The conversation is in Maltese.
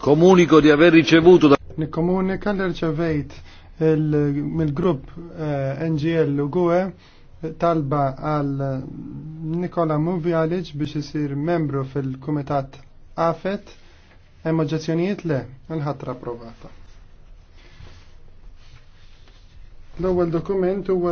Komuniko di aver ricevuto da... Nikomunika li rċevejt mill-grupp eh, NGL u e, talba għal Nikola Muvjalic biex isir membru fil-Kumitat AFET hemm oġġezzjonijiet le, il-ħatra provata. L-ewwel dokument huwa